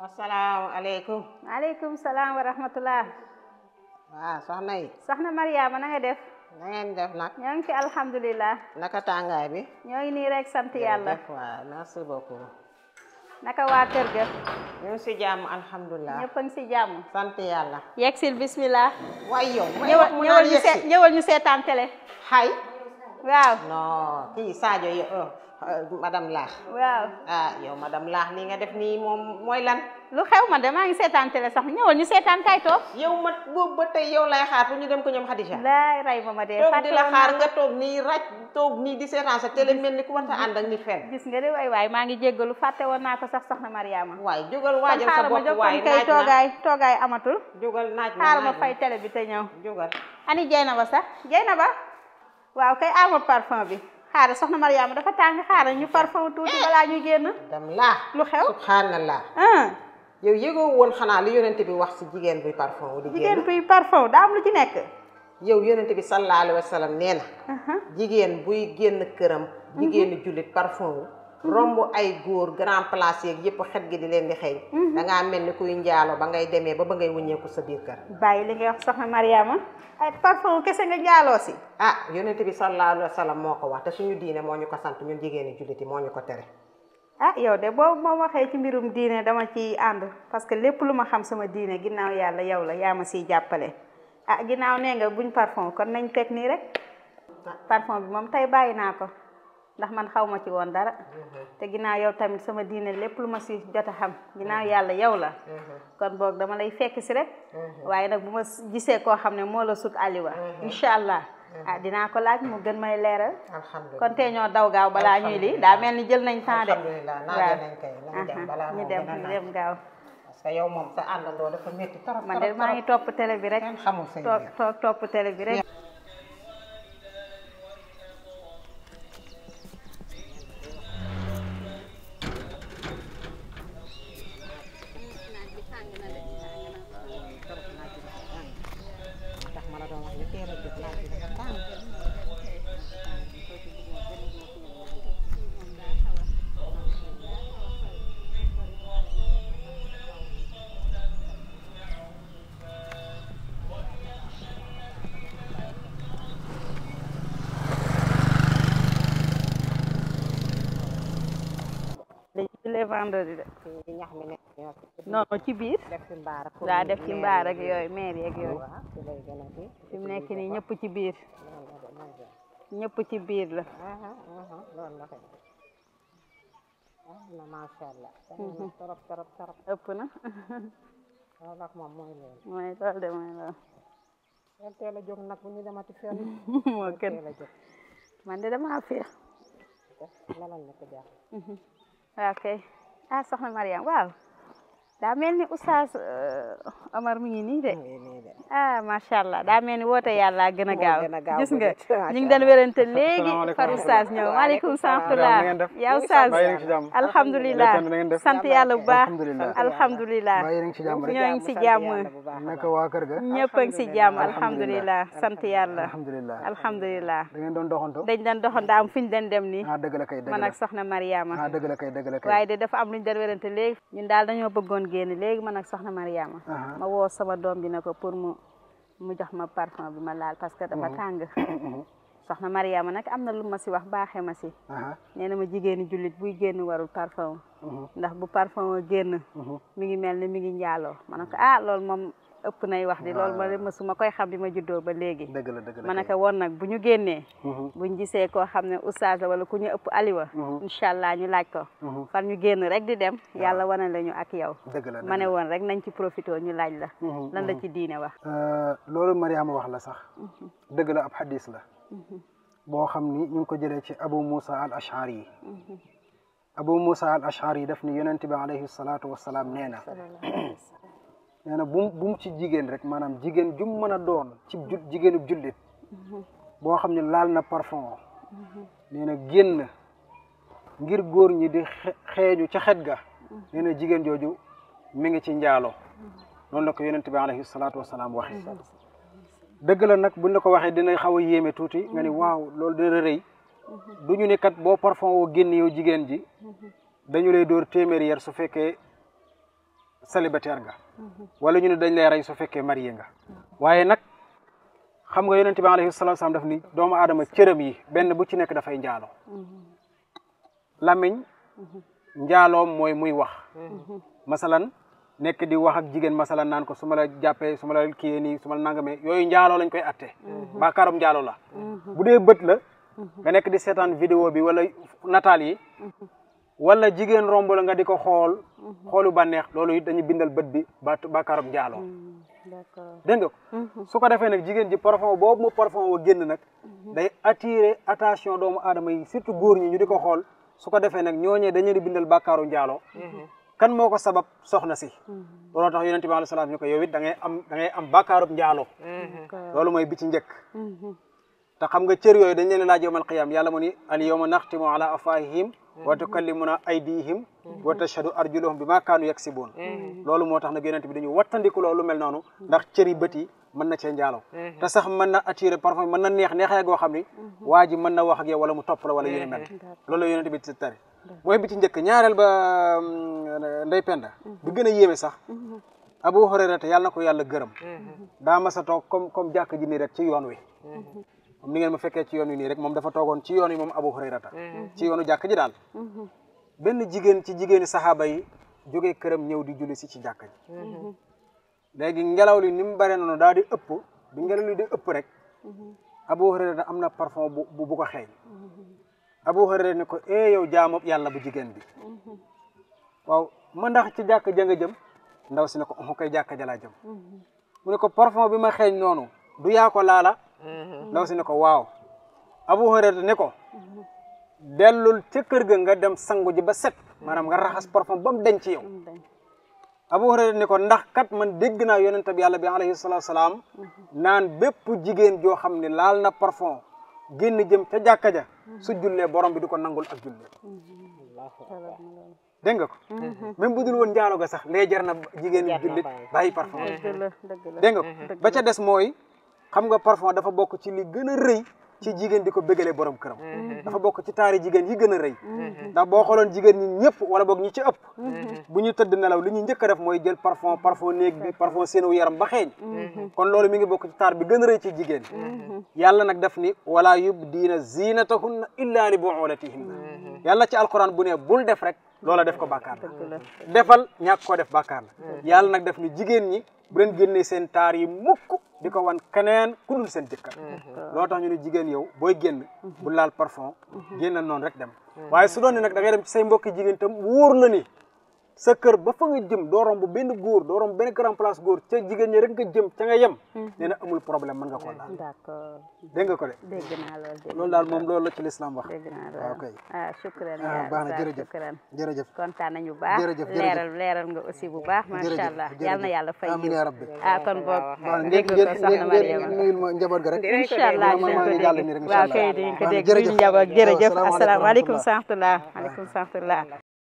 asalaamaaleykum. maaleykum salaam wa rahmatulah. waaw soxna yi. soxna Mariama na nga def. na def nag. ñoo ngi fi alhamdulilah. naka tàngaay bi. ñoo ngi nii rek sant yàlla. waaw merci beaucoup. naka waa kër ga. ñu si jàmm alhamdulilah. ñëpp a si jàmm. sant yàlla. yegsil bismillah. waay yow. ñëwal ñu seetaan télé. hay. waaw non kii yo madame Laax waaw ah yow madame Laax nii nga def nii moom mooy lan lu xew ma de maa ngi seetaan télé sax ñëwal ñu seetaan kay toog yow ma boobu ba tey yow lay xaar pour ñu dem ko ñoom Xadija laay ray ma ma de di la xaar nga toog nii raj toog nii di seetaan sa télé mel ni ku warta ànd ak nit fenn gis nga de waay waay maa ngi jéggalu fàtte woon naa ko sax sax na Mariama waay jógal waajal sa bopp waay naaj na toogaay toogaay amatul jógal naaj ma xaar ma fay télé bi te ñëw jógal ani Jeynaba sax Jeynaba waaw kay amul parfum bi xaaral soxna Mariama dafa tàng xaaral ñu parfum tuuti balaa ñu génn. dam laa lu xew subhanallah. Ah. yow yëgoo woon xanaa lu yonent bi wax si jigéen buy parfum wu di génn jigéen buy daa am lu ci nekk. yow yonent bi sallallahu alayhi wa sallam nee jigéen buy génn këram. Mhm. jigéenu jullit parfum wu. romb ay góor grand place yeeg xet gi di leen di xëy mhm. dangaa mel ni kuy njaalo ba ngay demee ba ba ngay wuññeeku sa biir kër bàyyi li ngay wax soxna Mariama ay parfum kese nga njaaloo si ah yonent bi sallallahu alayhi wa moo ko wax te suñu diine moo ñu ko sant ñun jigéeni julliti moo ñu ko tere ah yow de boo moom waxee ci mbirum diine dama ci ànd parce que lépp lu ma xam sama diine ginnaaw yàlla yow la yaa ma siy jàppale ah ginnaaw nee nga buñ parfum kon nañ teg nii rek ah. ndax man xaw ma ci woon dara mhm. te ginnaaw yow tamit sama diine lépp lu ma si jot a xam ginnaaw mhm. yàlla yow la mhm. kon boog dama lay fekk si rek waaye nag bu ma gisee koo xam ne moo la sut aliwa incha allah ah dinaa ko laaj mu gën may leeral kon tey ñoo daw gaaw balaa ñuy lii daa mel ni jël nañ temps de waaw ñu ñu dem gaaw sa yow moom sa àndandoo dafa métti trop man ngi topp télé bi rek toog topp télé bi rek les vendredis de. non ci biir. daa def ci mbaar yooyu maire yeg yooyu. fi mu nekk nii ñëpp ci biir. ñëpp ci biir la. macha allah. Ah, torop ëpp na. mooy loolu nag bu ñu demati fenn. man de damaa féex. ok ah soxna Mariam waaw daa mel ni oustaz eh, ngi nii de. Ah, macha allah daa mel ni woote yàlla gën a gaaw gis nga ñu ngi doon wérante léegi far oustaz ñëw maaleykum salaam. yow oustaz alhamdulilah sant yàlla bu baax alhamdulilah. ñoo ngi si jàmm naka waa kër ga. ñëpp a ngi si jàmm alhamdulilah sant yàlla. alhamdulilah da ngeen doon doxantu. dañ doon doxantu am fi ñu doon dem nii. ah dëgg la kay dëgg la man ak soxna Mariama. ah dëgg la kay dëgg la kay waaye de dafa am lu ñu doon wérante léegi ñun daal dañoo bëggoon génn léegi man ak soxna Mariama ma woo sama doom bi ne ko pour mu jox ma parfum bi ma laal parce que dafa mhm. tàng mhm. soxna Mariama nag am na lu ma si wax baaxee ma si nee na ma jigéeni jullit buy génn warul parfum mhm. ndax bu parfum génn mi ngi mel ne mi ngi njaaloo ma ne ko ah loolu moom ëpp nay wax di loolu ma ma su ma koy xam bi ma juddoo ba léegi dëgg la dëgg la ma woon nag bu ñu génnee bu mhm. buñ gisee koo xam ne oustaz la wala ku ñu ëpp aliwa mhm. incha allah ñu laaj ko mhm. fan ñu génn rek di dem ah. yàlla wane la ñu ak yaw dëgg la ma ne woon rek nañ ci profité ñu laaj la lan la ci diine wax euh, loolu Mariama wax la sax dëgg la ab xadis la boo xam ni ñu ngi ko jëlee ci Abu Musa al Ashari yi Abu Musa al Ashari yi def ni yonente bi alayhi salaatu wasalaam nee nee na bu bu ci jigéen rek maanaam jigéen jum mën a doon ci ju jigéenu jullit boo xam ne laal na parfum nee na génn ngir góor ñi di xeeju ca xet ga nee jigéen jooju mi ngi ci njaalo noonu la ko yonent bi alayhi salaatu wasalaam waxe dëgg la nag buñ la ko waxee dina xaw a yéeme tuuti ni waaw loolu dina rëy boo parfum génn yow jigéen ji dañu lay dóor téeméeri yar su fekkee célibataire ga mhm. wala ñu ne dañ lay rey su fekkee marié nga waaye nag xam nga yonente bi alayhi salaatu salaam daf ni doomu aadama cëram yi benn bu ci nekk dafay njaaloo mhm. lamiñ mhm. njaaloom mooy muy wax masalan nekk di wax ak jigéen masalan naan ko su ma la jàppee su ma la kiyee nii la nangamee yooyu njaalo lañ koy atte baakaaram njaaloo la bu dee bët la nga nekk di seetaan vidéo bi wala nataal yi wala jigéen romb la nga di ko xool mhm. xoolu bànneex loolu it dañu bindal bët bi ba bàkkaarub njaaloo mhm. dégg nga ko mhm. ko defee nag jigéen ji parfum boobu mu parfum wa génn nag day attirer attention doomu adama yi surtout góor ñi ñu di ko xool su ko defee nag ñooñee dañu bindal bàkkaaru njaaloo kan moo ko sabab soxna si looloo tax yonente bi aleyhi salaam ñu ko yow it am da njaalo am bàkkaarub njaaloo loolu mooy bi ci njëkk te xam nga cër yooyu dañ leen laaj yowmal qiyaam yàlla mu ni al yawma naxtimu wa tukallimuna aydihim wa tashhadu arjuluhum bi ma kaanu yaksibuun loolu moo tax nag yonent bi dañu wattandiku loolu mel noonu ndax cëri bët yi mën na cee njaalo sax man na attiré parfois mën na neex neexee goo xam ni waa ji mën na wax ak yow wala mu topp la wala yéen mel loolu yonent bi ci tari mooy bi ci jëkk ñaareel ba mm, ndey penda bi gën a yéeme sax Abu Hurayra te yàlla na ko yàlla gërëm daa mas a toog comme comme jàkk ji nii rek ci yoon wi moom ni ngeen ma fekkee ci yoon wi nii rek moom dafa toogoon ci yoon yi moom Abu Hurayrata mm-hmm. ci yoonu jàkk ji daal mm-hmm. benn jigéen ci jigéeni saxaaba yi jógee këram ñëw di julli si ci jàkk ji mm-hmm. léegi ngelaw li ni mu bare noonu daal di ëpp bi ngelaw li di ëpp rek Abu Hurayrata am na parfum bu bu ko xeeñ Abu Hurayrata ni ko eh yow jaamo yàlla bu jigéen bi waaw ma ndax ci jàkk ja nga jëm ndaw si ne ko omo koy jàkk ja laa jëm mu ne ko parfum bi ma xeeñ noonu du yaa ko Mm-hmm. ndaw si ne ko waaw Abu Hurayra ne ko dellul ca kër ga nga dem sangu ji ba set maanaam nga raxas parfum ba mu denc ci Abu Hurayra ne ko ndax kat man dégg naa yonent bi yàlla bi alayhi salaatu salaam mm-hmm. naan bépp jigéen joo xam ne laal na parfum génn jëm ca jàkka ja su mm-hmm. jullee borom bi di ko nangul ak jullee dégg nga ko même bu dul woon njaalo ga sax lee jar na jigéen jullit bàyyi parfum dégg ko ba ca des mooy xam nga parfum dafa bokk ci li gën a rëy ci jigéen di ko bégalee boroom këram mm-hmm. Mm-hmm. dafa bokk ci taari jigéen yi gën a rëy mm-hmm. ndax boo xooloon jigéen ñi ñëpp wala boog ñi ci ëpp bu ñu tëdd nelaw li ñu njëkk a def mooy jël parfon parfum néeg bi parfum seenu yaram ba xeeñ kon loolu mi ngi bokk ci taar bi gën a rëy ci jigéen yàlla nag def ni wala yubdiina zinatahunna illa li buulatihinna yàlla ci alquran bu ne bul def rek loola def ko bàkkaar la defal ñàkk koo def bàkkaar yàlla nag def ni jigéen ñi bu seen taar yi mukk di ko wan keneen ku dul seen jëkkër loo tax ñu ne jigéen yow booy génn bu laal parfon mhm. génn noonu rek dem mhm. waaye su doon ne nag da ngay dem ci say mbokki jigéen tam wóor la ni sa kër ba fa nga jëm doo romb benn góor doo romb benn grand place góor ca jigéen ñi rek nga jëm ca nga yem. Mhm. nee na amul problème mën nga ko laal. d'accord dégg ko de. dégg naa loolu loolu daal moom loolu la ci ah, ah, ah, na bu baax jërëjëf leeral leeral nga aussi bu baax macha allah yal na yàlla fay amiin yaa rabbi ah kon boog dégg nga ko soxna Mariama nuyul ma njaboot ga rek incha allah dinañ ko dégg waaw kay dinañ ko dégg njaboot jërëjëf asalaamaaleykum saxtullah aleykum saxtullah